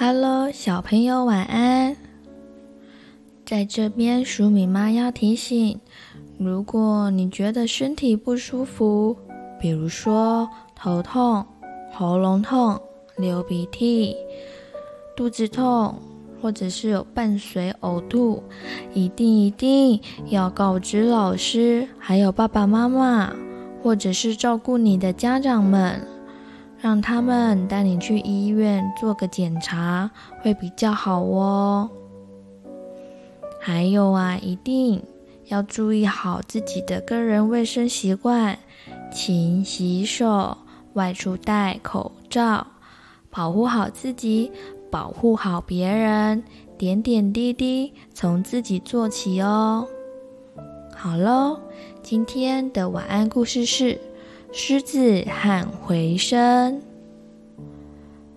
哈嘍，小朋友，晚安。在這邊，黍米媽要提醒，如果你覺得身體不舒服，比如說頭痛、喉嚨痛、流鼻涕、肚子痛，或者是有伴隨嘔吐，一定一定要告知老師，還有爸爸媽媽，或者是照顧你的家長們。讓他們帶你去醫院做個檢查會比較好哦。還有啊，一定要注意好自己的個人衛生習慣，勤洗手，外出戴口罩，保護好自己，保護好別人，點點滴滴從自己做起哦。好嘍，今天的晚安故事是。獅子和回聲。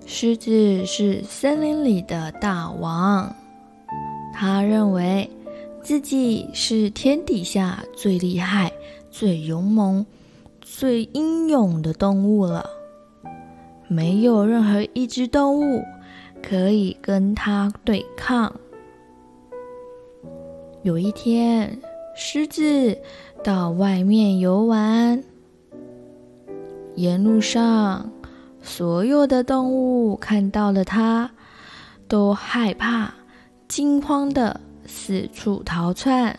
獅子是森林裡的大王，他認為自己是天底下最厲害、最勇猛、最英勇的動物了，沒有任何一隻動物可以跟他對抗。有一天，獅子到外面遊玩。沿路上，所有的動物看到了它，都害怕、驚慌地四處逃竄。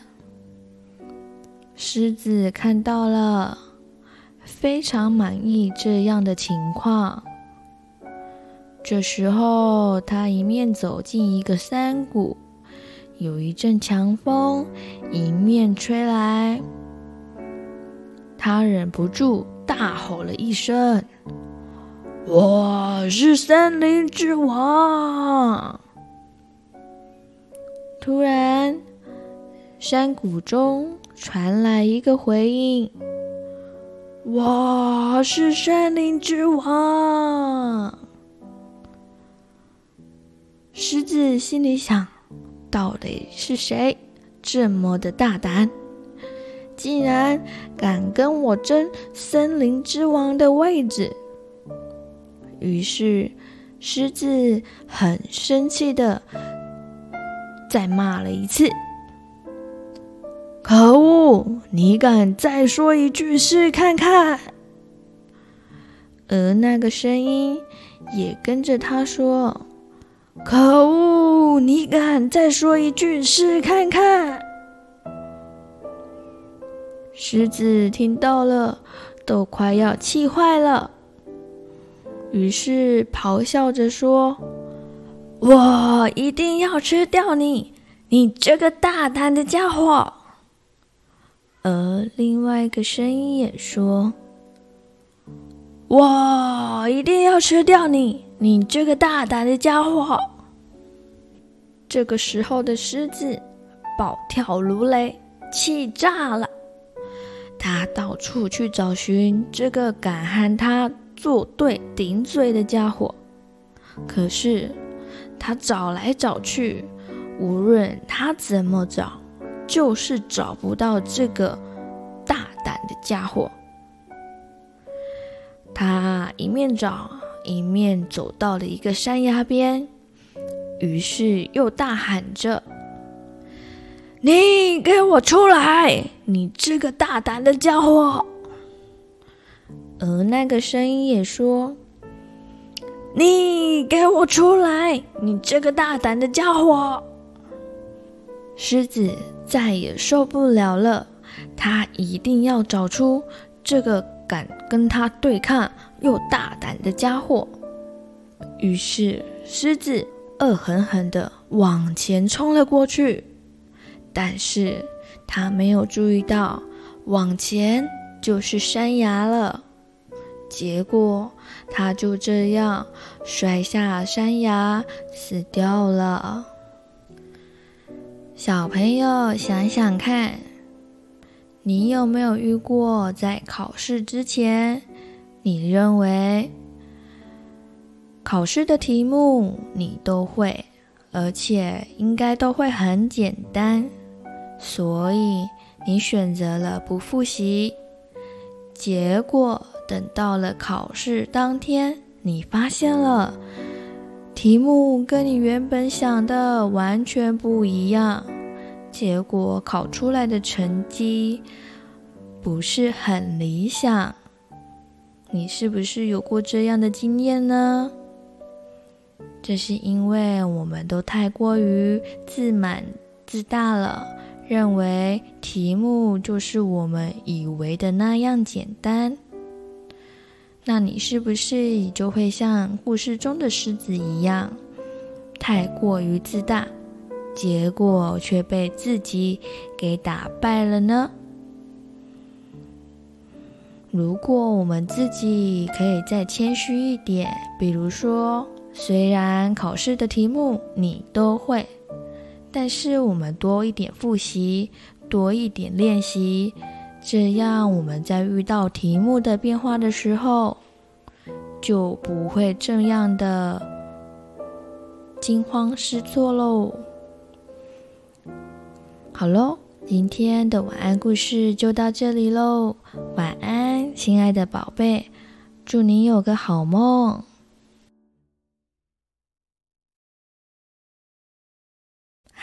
獅子看到了，非常滿意這樣的情況。這時候，它一面走進一個山谷，有一陣強風迎面吹來，它忍不住。大吼了一聲：“我是森林之王！”突然，山谷中傳來一個回應：“我是森林之王。”獅子心裡想：“到底是誰這麼的大膽？”竟然敢跟我爭森林之王的位置！於是，獅子很生氣的再罵了一次：“可惡！你敢再說一句，試看看！”而那個聲音也跟着他說：“可惡！你敢再說一句，試看看！”獅子聽到了，都快要氣壞了，於是咆哮着說：“我一定要吃掉你，你這個大膽的傢伙！”而另外一個聲音也說：“我一定要吃掉你，你這個大膽的傢伙！”這個時候的獅子暴跳如雷，氣炸了。處去找尋這個敢和他作對、頂嘴的家伙，可是他找來找去，無論他怎麼找，就是找不到這個大膽的家伙。他一面找，一面走到了一個山崖邊，於是又大喊着。你給我出來！你這個大膽的傢伙！而那個聲音也說：“你給我出來！你這個大膽的傢伙！”獅子再也受不了了，他一定要找出這個敢跟他對抗又大膽的傢伙。於是，獅子惡狠狠地往前衝了過去。但是他沒有注意到，往前就是山崖了。結果他就這樣摔下山崖，死掉了。小朋友，想想看，你有沒有遇過在考試之前，你認為考試的題目你都會，而且應該都會很簡單？所以你選擇了不複習，結果等到了考試當天，你發現了題目跟你原本想的完全不一樣，結果考出來的成績不是很理想。你是不是有過這樣的經驗呢？這是因為我們都太過於自滿自大了。認為題目就是我們以為的那樣簡單，那你是不是也就會像故事中的獅子一樣，太過於自大，結果卻被自己給打敗了呢？如果我們自己可以再謙虛一點，比如說，雖然考試的題目你都會。但是我們多一點複習，多一點練習，這樣我們在遇到題目的變化的時候，就不會這樣的驚慌失措嘍。好嘍，今天的晚安故事就到這裡嘍，晚安，親愛的寶貝，祝你有個好夢。